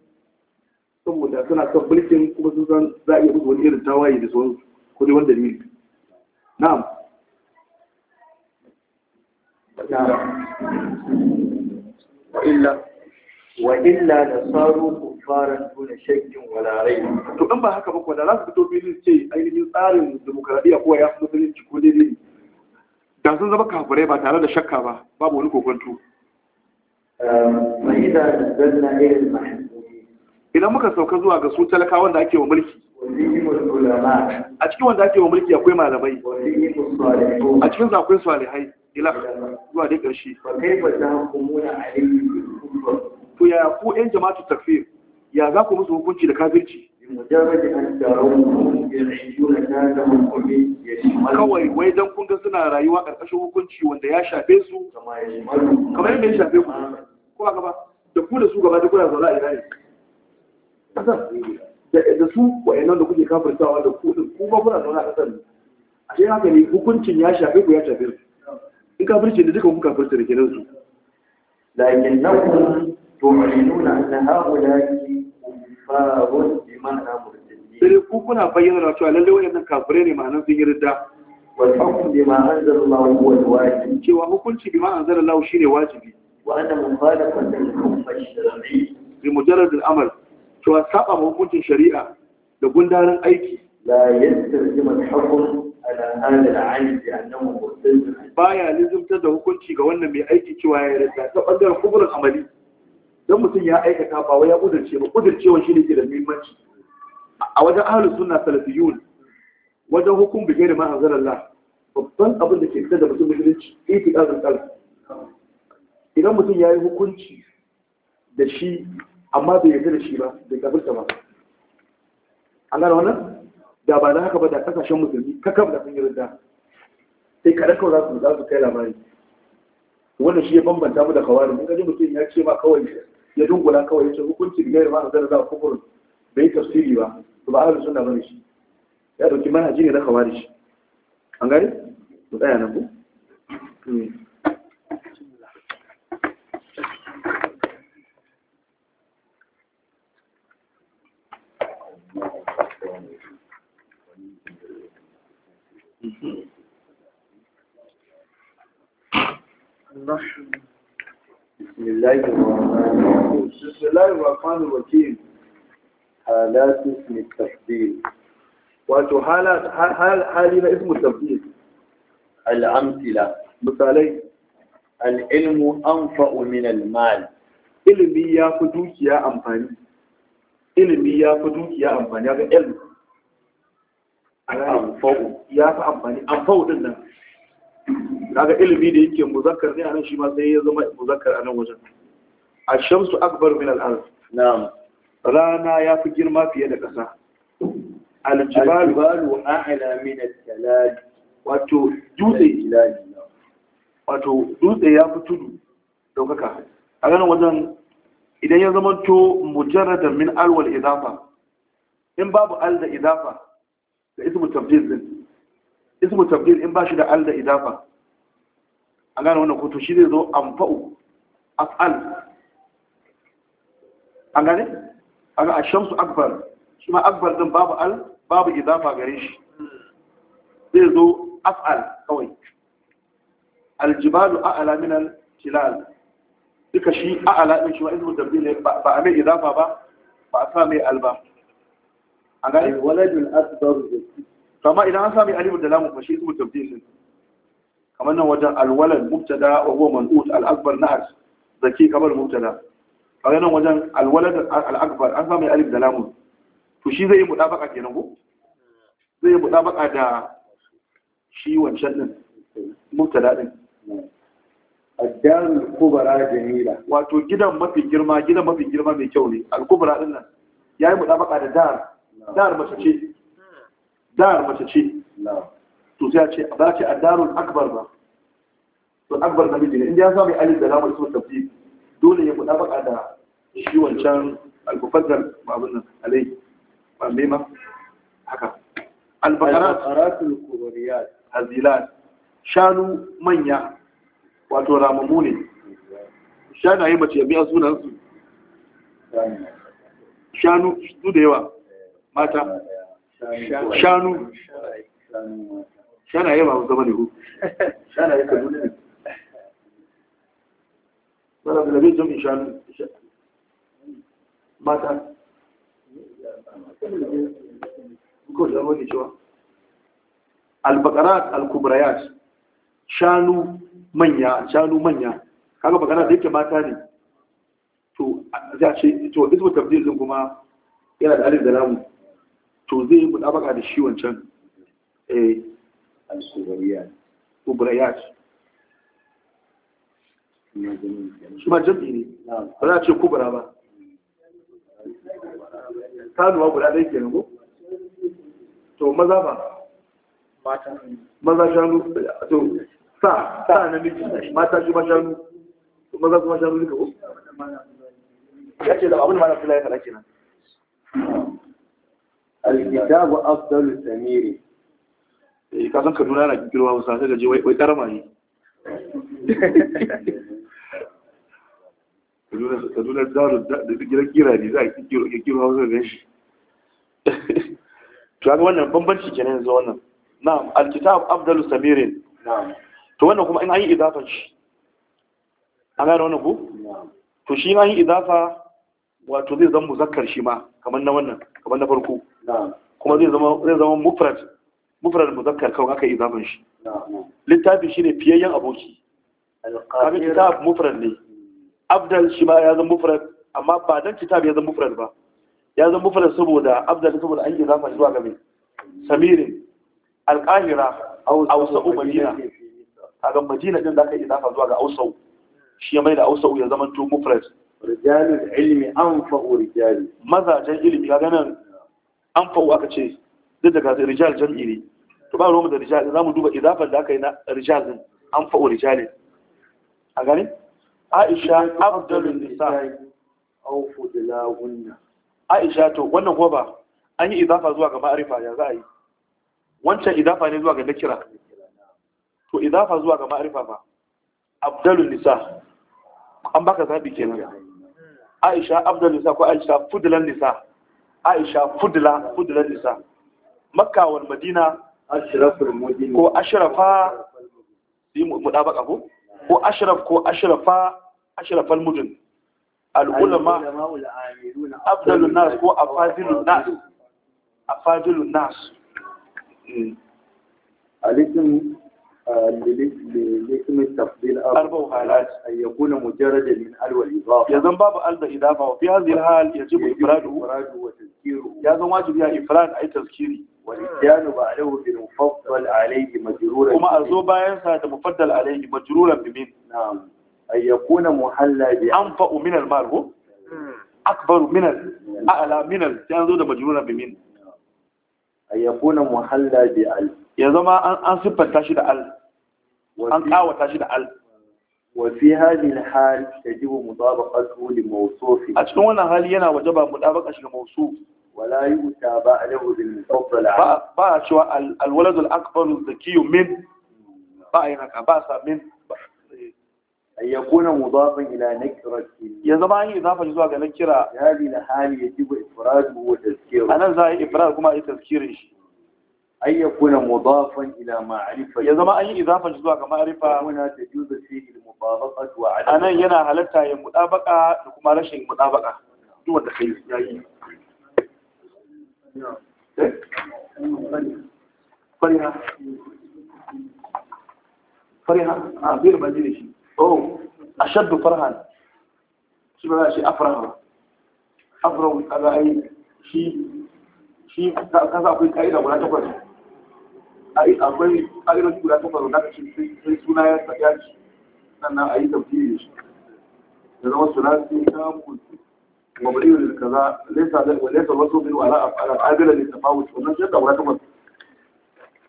saboda suna son mulkin kuma sun san za a iya musu wani irin tawaye da sauran ko dai wanda dalili na'am wa illa wa illa da tsaro fara tuna shakkin walarai to in ba haka ba kuwa da za su fito filin ce ainihin tsarin demokaradiyya ko ya fi musulunci ko daidai da sun zama kafirai ba tare da shakka ba babu wani kokonto ehm, idan muka sauka zuwa ga su talakawan da ake wa mulki a cikin wanda ake wa mulki akwai malamai a cikin akwai salihai ila zuwa dai ƙarshe ko yaya ku ɗan jama'atu takfir ya za ku musu hukunci da kafirci kawai wai don kun ga suna rayuwa ƙarƙashin hukunci wanda ya shafe su kamar yadda ya shafe ku kuma gaba da ku da su gaba da kuna zaune a ina ne da su nan da kuke kafirtawa da ku da kuma kuna zaune a ƙasar a shi haka ne hukuncin ya shafe ku ya shafe su in kafirci da duka kun kafirce da kenan su lakin nan tu'linuna anna ha'ula'i kuffarun biman amur sai ku kuna bayyana cewa lalle wayannan kafirai ne ma'anar sun yi ridda wal hukm bima anzalallahu huwa al-wajib cewa hukunci bima anzalallahu shine wajibi wa anna mukhalafatan lil hukm ash-shar'i bi mujarrad al-amal cewa saba hukuncin shari'a da gundarin aiki la yastalzim al-hukm ala hada al-'ayn bi annahu murtad baya lizumta da hukunci ga wannan mai aiki cewa ya ridda ta ɓangaren hukumar amali don mutum ya aikata ba wai ya kudurce ba kudurcewa shi ne ke da muhimmanci a wajen ahlus suna salafiyun wajen hukum bi gairi ma Allah babban abin da ke fitar da mutum musulunci itiqadul qalb idan mutum ya yi hukunci da shi amma bai yarda da shi ba bai kafirta ba an gane wannan da ba na haka ba da kasashen musulmi kakaf da sun yi rinda sai kaɗan kawai za su za su kai labari wannan shi ya bambanta mu da kawai mun gaji mutum ya ce ma kawai ya dungula kawai yace hukunci bigayar ma za a kufurin bai tafsiri ba to ba ahlus sunna bane shi ya dauki manhaji ne na khawarij an gani mu tsaya nan ku Thank you. بسم الله الرحمن الرحيم بسم الله الرحمن الرحيم حالات اسم التفضيل wato hali na ismu tafdil al'amtila misalai al'ilmu an min al-mal ilimi ya fi dukiya amfani ilimi ya fi dukiya amfani ya ga amfani kaga ilimi da yake muzakkar ne nan shi ma sai ya zama muzakkar a nan wajen A shamsu akbar min al rana ya fi girma fiye da ƙasa al-jibalu a'la min al-talaj wato dutse wato dutse ya fi tudu daukaka a ganin wajen idan ya zama to mujarrada min alwal Izafa, in babu al da idafa da ismu tabdil din ismu tabdil in ba shi da al da idafa A gane wannan kotu shi zai zo amfa'u asal? A gane aga ashamsu akbar shi ma akbar din babu al babu idafa gare shi zai zo asal kawai aljibalu a'ala min al duka shi a'ala din shi wa ismu tabdil ba a mai idafa ba ba a sa mai al ba an gane waladul asbar kama idan an sa mai alif da lamu fa shi ismu tabdil ne kamar nan wajen alwalad mubtada wa huwa man'ut al-akbar nahar zaki kamar mubtada kamar nan wajen alwalad al-akbar an samu alif da lamun to shi zai yi mudabaka kenan ko zai yi mudabaka da shi wancan din mubtada din addar kubra jamila wato gidan mafi girma gidan mafi girma mai kyau ne al-kubra din nan yayi mudabaka da dar dar mace ce dar mace ce to sai a ce ba ce a darul akbar ba to akbar namiji ne in ya mai alif da lamar sun tafi dole ya kuɗa baka da shi wancan alfafazzar abin nan alai ba mai ma haka albakaratul kubariyat azilat shanu manya wato ramamu ne yi mace ya biya sunan su shanu su da yawa mata shanu yi ba zama *laughs* ne shana yi ka ne Bala da zai jami'in shanu mata. Ko da wani cewa. Albakarat alkubrayat shanu manya shanu manya kaga bakara da yake mata ne to zai ce to ismu tabdil din kuma yana da alif da lamu to zai mudabaka da shi wancan eh alkubrayat Shima ma jam'i ne ba za a ce kubura ba kanuwa guda ɗaya ke nugu to maza ba maza shanu to sa sa namiji mata shi ma shanu maza kuma shanu duka ko ya ce da abin ma na fila ya faɗa kenan alkitabu afdalu samiri eh ka san kaduna na girma musa sai ga je wai karama ne *laughs* kaduna da daru da gina kira ne za a kira kiro hausa da shi *laughs* to ga wannan bambanci kenan yanzu wannan na'am alkitab abdullu samirin na'am to wannan kuma in an yi idafa shi an gane wannan ku? to shi ina yi idafa wato zai zama muzakkar shi ma kamar na wannan kamar na farko kuma zai zama zai zama mufrad mufrad muzakkar kawai aka yi idafan shi littafin fiye fiyayyen aboki kaga kitab mufrad ne abdal shi ma ya zan mufrad amma ba dan kitab ya zan mufrad ba ya zan mufrad saboda abdal saboda an yi zama zuwa ga mai samirin alqahira sa'u madina kaga madina din zaka yi zama zuwa ga ausau shi ya mai da ausau ya zama to mufrad rijalul ilmi anfa'u rijali mazajen ilimi kaga nan anfa'u aka ce duk daga rijal jam'i ne to ba ruwan da rijal za mu duba idafar da aka yi na rijal din anfa'u rijalin a gani aisha Abdullahi nisa au fudlahunna aisha to wannan ko ba an yi idafa zuwa ga ma'arifa ya za a yi wancan idafa ne zuwa ga nakira to idafa zuwa ga ma'arifa ba Abdullahi nisa an baka zabi kenan aisha Abdullahi nisa ko aisha Fudulan nisa aisha fudla fudlan nisa makka wal madina ko ashrafa mu mudabaka ko ko ashraf ko ashrafa ashrafal mudun al'ulama abdalun nas ko afadilun nas afadilun nas alisin لكم التفضيل أربع حالات أن يكون مجردا من أل والإضافة يزن باب أل بالإضافة وفي هذه الحال يجب إفراده وتذكيره يزن واجب يا إفراد أي تذكيري والإتيان بعده بالمفضل عليه مجرورا وما أزو باين ساعة مفضل عليه مجرورا بمين نعم ay yakuna muhalla bi anfa'u min al-mal ko akbaru min sai an zo da majruna bi min ay yakuna muhalla al ya zama an siffanta shi da al an da al وفي هذه الحال تجب مطابقته لموصوفه a cikin wannan hali yana wajaba mutabaka shi ga mawsuf wala yuta ba'dahu bil mufaddal ba ba cewa al walad ba an yakuna mudafan ila nakirati ya zama an yi idafa zuwa ga nakira hadi hali yajibu ifradu wa tazkiru anan za a yi ifrad kuma a yi tazkirin shi an ila ma'rifa ya zama an yi idafa zuwa ga ma'rifa huna tajuzu fihi al-mutabaqatu wa adam anan yana halatta yin mudabaqa da kuma rashin mudabaqa a A ashaddu farhan shi ba za shi afrahu afrahu kaga ai shi shi ka sa akwai ka'ida guda takwas ai akwai ka'idoji guda takwas da kace sai suna ya tsaya shi sannan ayi da shi da zama sulasi kamun مبني للكذا ليس ليس الوصف به على القابل للتفاوت والناس يبدا ولا تمت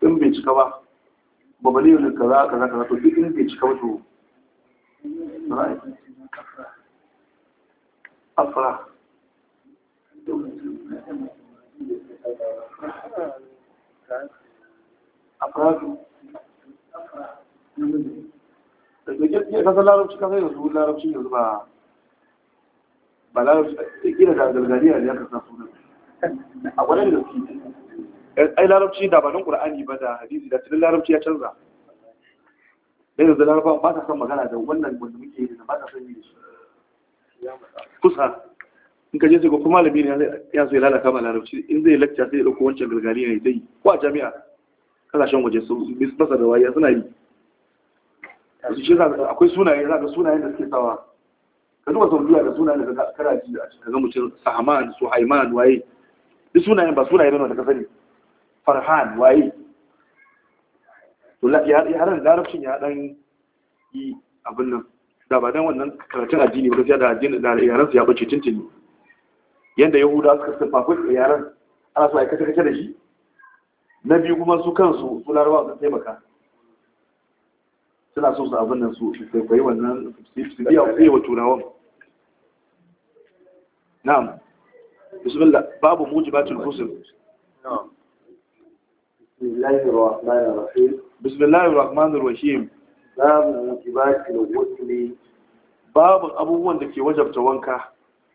in bai cika ba ba bane ne kaza kaza kaza to duk in bai cika ba to afra Afra. Afra. afra afra afra larabci afra yanzu larabci yanzu ba ba larabci afra da afra afra afra afra afra A afra su ai larabci da ba don afra ba da afra afra afra larabci ya canza. ɗaya da laraba ba ta son magana da wannan wanda muke yi da ba ta son yi da shi kusa in ka je sai kuma malami ne ya so ya lalata ma larabci in zai lakta sai ya dauko wancan gargari ne zai ko a jami'a kasashen waje su fasa da wariya suna yi akwai sunaye za ka sunayen da suke sawa ka duba sau biya da sunayen da kana ji a cikin mutum sahaman su haiman waye duk sunayen ba sunaye bane wanda ka sani farhan waye to ya har da larabcin ya dan yi abin nan da ba dan wannan karatun addini ba gaskiya da addini da yaran su ya bace tintini yanda yahuda suka sifa ko yaran ana so a kace kace da shi na biyu kuma su kansu su larabawa sun taimaka suna so su abin nan su kwaikwayi wannan su biya wa turawan na'am bismillah babu mujibatul fusul na'am بسم الله الرحمن bismillahir rahmanir rahim babu mujibatil ghusli babu abubuwan da ke wajabta wanka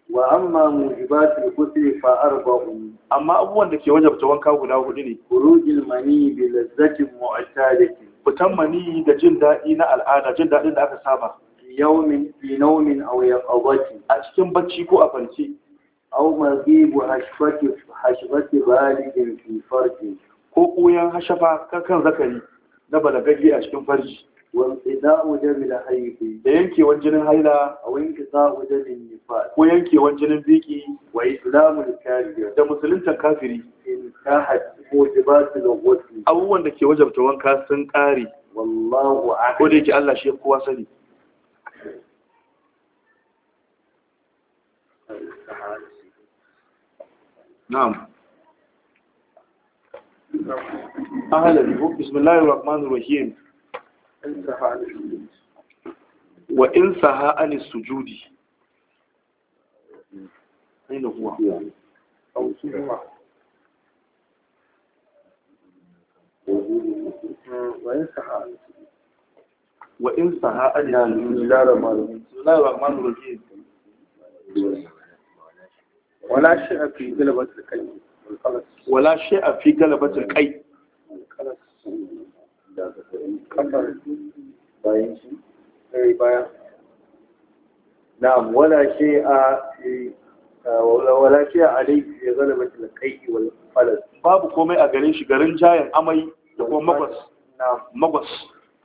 wa amma mujibatul ghusl fa arba'un amma abubuwan da ke wajabta wanka guda hudu ne khurujul mani bi lazzatin mu'tadati fitan mani da jin daɗi na al'ada jin daɗin da aka saba yawmin fi nawmin aw yaqawati a cikin bacci ko a farce aw maghibu hashfati hashfati balidin fi farji ko koyan hashafa kan zakari na balagaggi a cikin farji wanzina wajen da haifi da yankewan jinin haila a wani za wajen yin nifa ko yankewan jinin biki wa islamu da kariya da musulunta kafiri in ta haɗi mojibatu da wasu abubuwan da ke wajabta wanka sun ƙare wallahu a ko da yake allah shi kowa sani na'am ahalari bismillahir rahmanir rahim in saha an sujudi aina huwa au sujudi وإن سها بسم الله الرحمن الرحيم ولا شيء في ظلمة الكلمة wala shi a fi galabatul kai wala shi a wala shi a kai falas babu komai a garin shi garin jayan amai da kuma magwas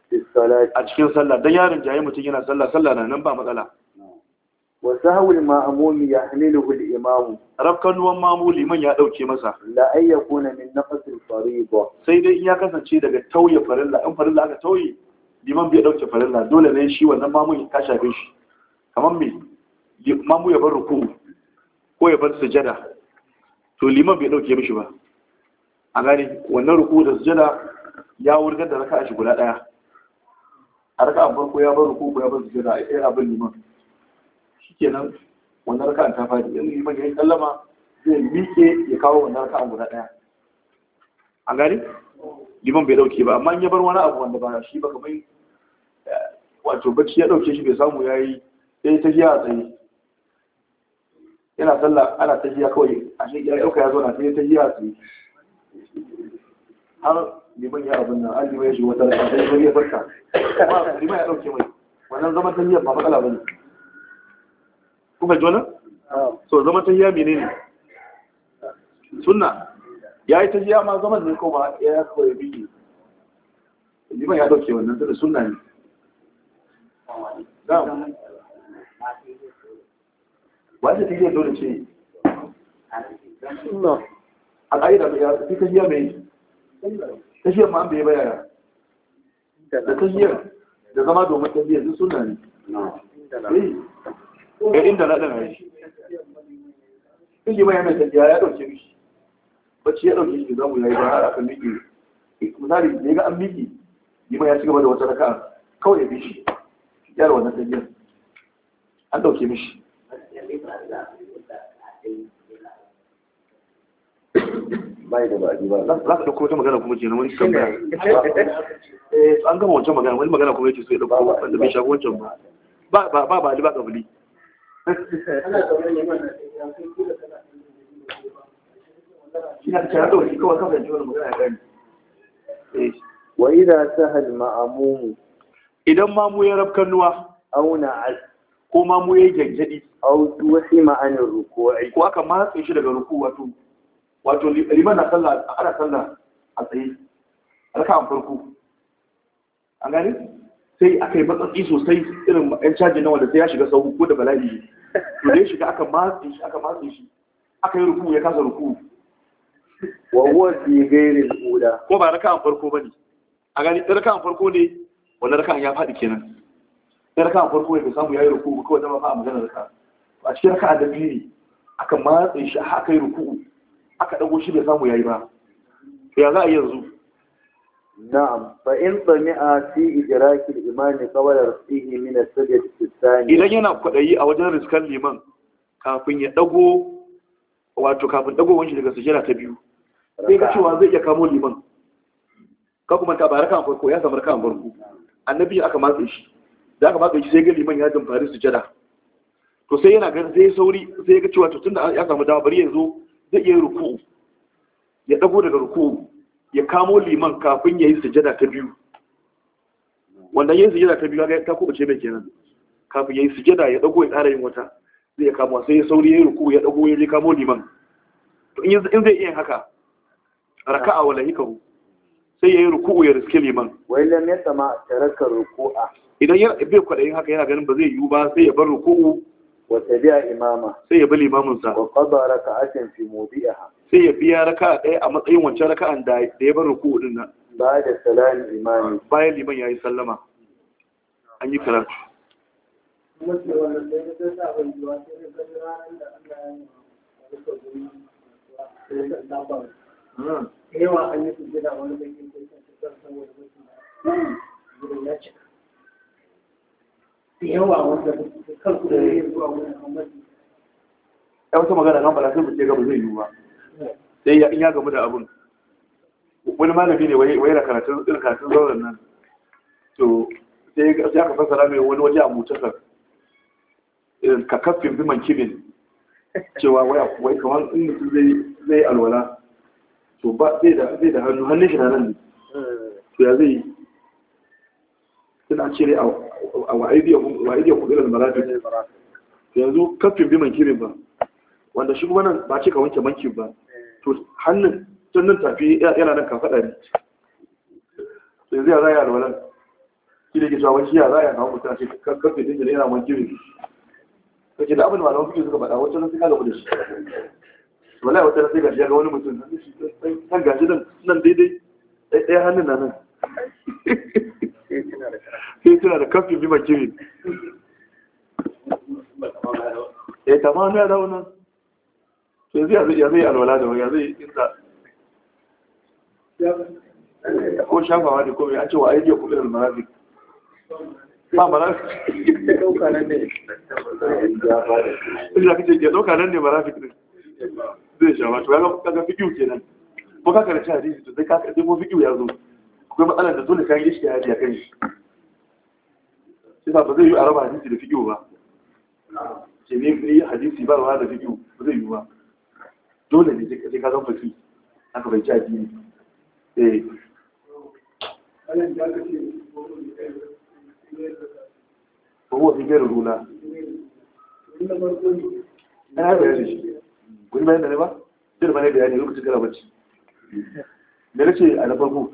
a cikin sallah dan yarin jaye mutum yana sallah na nan ba matsala wa ya ma'mumi yahmiluhu al-imam rafkanuwan mamu liman ya dauke masa la ay yakuna min naqs al-fariida sai dai in ya kasance daga tauye farilla in farilla aka tauye liman bai dauke farilla dole ne shi wannan mamun ya shafe shi kamar me mamu ya bar ruku ko ya bar sujada to liman bai dauke mishi ba a gani wannan ruku da sujada ya wurgar da raka'a shi guda daya a raka'a farko ya bar ruku ko ya bar sujada a irin abin liman nan wannan raka'an ta fadi in yi ya sallama zai miƙe ya kawo wannan raka'an guda ɗaya an gani liman bai dauke ba amma in ya bar wani abu wanda ba shi ba kamar eh, wato bacci ya dauke shi bai samu ya yi sai ta jiya a tsaye yana sallah ana ta jiya kawai a shi ya dauka ya zo na sai ta jiya a tsaye har liman ya abin nan an liman ya shi wata rasa sai ya farka liman ya dauke mai wannan zaman ta jiya ba matsala ba ne kuma jona so ne suna ya yi ta tahiya ma zaman ne kuma ya ya kawai bi liman ya dauke wannan da suna ne Ba ta ta tahiya dole ce suna a da ya fi tahiya mai tahiyar ma an bai bayaya da ta hiyar da zama domin tahiyar duk suna ne ga eh, inda na ɗana shi in ji mai mai tafiya ya ɗauke mishi bacci ya ɗauke shi zamu yayi ba har aka miƙe eh, misali da ya ga an miƙe ji ya ci gaba da wata raka'a. kawai ya mishi ya da wannan tafiyar an ɗauke mishi bai da ba za ka magana kuma kenan wani tambaya eh, an gama wancan magana wani magana kuma yake so ya ɗauko wanda bai wancan ba ba ba ba ba ba wa idza sahal ma'mum idan mamu ya rabkan nuwa auna al ko mamu ya gyangyadi au wasi ma'anin ruku'i ko aka matsa shi daga ruku wato wato liman na a ana sallah a tsaye an farko an gani sai aka yi matsatsi sosai irin yan caji na wanda sai ya shiga sauku ko da bala'i Dole shi shiga aka matsi shi aka matsi shi aka yi ruku ya kasa ruku wa huwa fi ghairi al ko ba raka'an farko bane a gani raka'an farko ne wannan raka'an ya fadi kenan sai raka'an farko ya samu yayi ruku ko dama fa a magana raka a cikin raka'an da biyu aka matsi shi aka yi ruku aka dago shi bai samu yayi ba ya za a yi yanzu نعم فإن in في إدراك الإيمان قبل iman من السجد الثاني إذا جينا al idan yana kwadayi a wajen riskan liman kafin ya dago wato kafin daga ta biyu sai ka cewa zai iya kamo liman ka kuma ta baraka farko ya samu kan farko annabi aka matse shi da aka matse shi sai ga liman ya dumfari to sai yana ganin sai sauri sai ya ga cewa to tunda ya samu dama bari yanzu zai iya ruku'u ya dago daga ruku'u ya kamo liman kafin ya yi sujada ta biyu wanda yin sujada ta biyu ga ta kubuce mai kenan kafin ya yi sujada ya dago ya tsara yin wata zai kamo sai ya sauri ya yi ruku ya dago ya kamo liman to in zai iya haka raka'a wala hikam sai ya yi ruku ya riske liman wai lam ya sama taraka ruku'a idan ya bai kwadayin haka yana ganin ba zai yiwu ba sai ya bar ruku'u Wa watabiya imama sai ya bi limamin sa wa qada raka'atin fi mawdi'iha sai ya biya raka'a ɗaya a matsayin wancan raka'an da ya bar ruku'u din nan ba da salami imami bayan liman yayi sallama an yi karatu yawa an yi sujjada wani bakin da ya saboda mutum ya cika yawa wanda zuwa wani amma ya wata magana kan bala sai mu gaba zai yi ba sai ya in ya gamu da abin? wani malami ne waye da karatun irin zauren nan to sai ya ka fassara mai wani waje a mutasar irin ka kafin biman kibin cewa wai kamar in mutum zai alwala to ba zai da hannu hannun shi na nan ne to ya zai suna cire wa aidiyakum wa aidiyakum yanzu kafin bi mankirin ba wanda shi kuma nan ba ce ka wanke manki ba to hannun can nan tafi yana nan ka faɗa ne yanzu ya zaya alwalan shi da ke cewa wani ya zaya kawo mutum a ce kafin din yana mankirin kake da abin da malaman fiye suka faɗa wacce nan sai ka gaba da shi wallahi wata sai gashi ya ga wani mutum san gashi nan daidai ɗaya hannun na nan *laughs* sai suna da kafin bi makirin eh, ya tamam ya dawo nan to zai ya zai alwala da ya zai inda ko shafawa ne ko mai an cewa aiki ya kudin almarafi ba marafi ya dauka nan ya dauka nan ne marafi ne zai shafa to ya ga fikiyu kenan ko ka karshe hadisi to zai ka karshe ko fikiyu ya zo akwai matsalar da dole kayan ishi ya ya kai shi ba zai yi a raba hadisi da fiƙiyo ba ce ne yi hadisi ba da fiƙiyo ba zai yi ba dole ne sai ka zama fi haka bai ci addini eh kowa fi gairu rula ana haifar da shi wani bayan da ne ba zai da bayan da ya ne lokacin gara bacci da na ce a na farko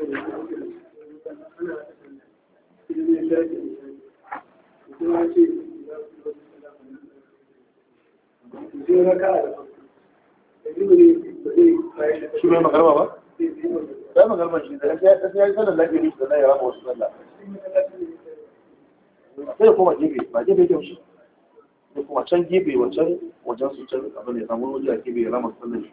shi mai magarba ba? sai magarba shi da ya yi sallar lafiya ne da ya rama wasu sallah sai ya gefe ba gefe yake shi ya koma can gefe wancan wajen su can abin ya samu wajen gefe ya rama sallar shi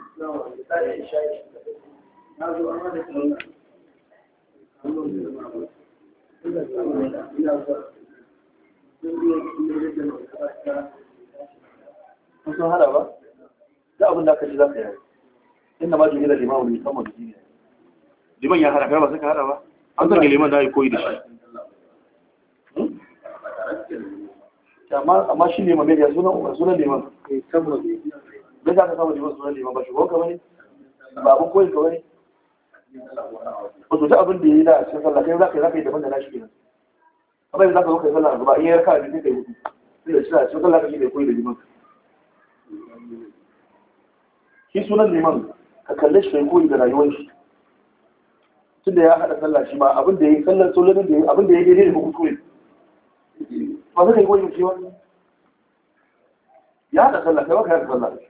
sun sun hada ba da abin da aka ji za ka yi inda ma jini da limamu ne kan wani jini liman ya hada, hana ba sai ka hana ba an zanga liman da ya koyi da shi hmm? amma shi ne mamariya suna liman eh, me za ka kama liman sunan liman ba shugaban ka ne? ba abin koyi ka ne? ba su ta abin da ya yi da cikin sallah kai za ka yi za ka yi daban da na shi kenan amma yanzu za ka zo ka yi sallah gaba in yi raka da kai kai hudu sai da shi a cikin sallah kake da koyi da liman shi sunan liman ka kalle shi kai koyi da rayuwar shi tun da ya haɗa sallah shi ma abin da ya yi sallar solarin da ya yi abin da ya yi daidai da hukutu ne ba zai kai koyi da shi ba ya haɗa sallah kai ba ka haɗa sallah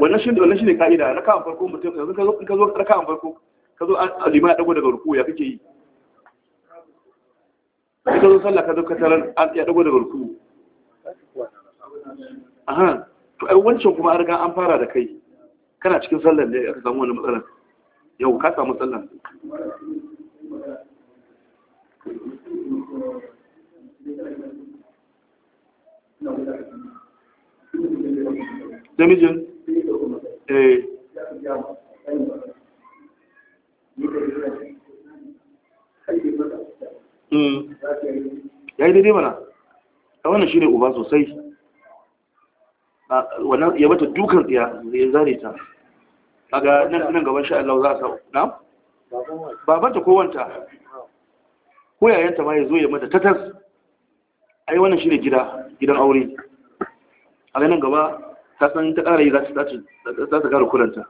wannan shi wannan shine kaida raka'an farko mutum yanzu ka zo ka zo raka'an farko ka zo alima ya dago daga ruku ya kake yi ka zo sallah ka zo ka tarar ya dago daga ruku aha to ai wancan kuma an riga an fara da kai kana cikin sallar da ka samu wani matsalar yau ka samu sallar da mijin eh hmm. ya yi daidai mana a wannan shi ne uba sosai ah, wannan ya bata dukan tsiya ya zane ta A ga nan gaban sha Allah za a sa na babanta ko wanta ko yayanta ma ya zo ya mata tatas ai wannan shi ne gida gidan aure a ga nan gaba ta san ta ƙara yi za ta ƙara kuranta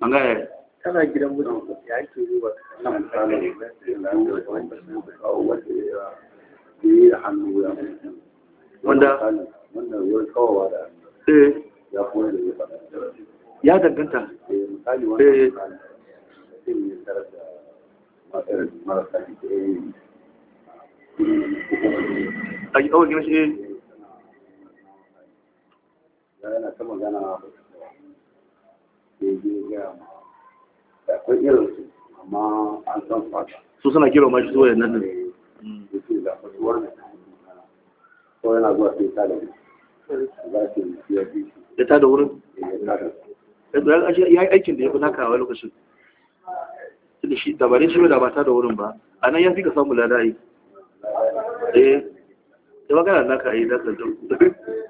an gaya tana gidan mutum ya ake yi wa hannu ya wanda wanda wani da ya kuma da ya faɗa ya danganta misali ya da marasa a yi gina shi yana ta magana ba da ya gaya ma da akwai su, amma an san fata su suna kira ma shi zuwa nan ne da ke da fasuwar da ko yana zuwa sai ta da za su yi biyar biyu ya ta da wurin eh, eh, ya yi aikin da ya fi naka a lokacin da shi dabarin shi da ba ta da wurin ba a nan ya fi ka samu ladayi eh da magana naka yi zaka da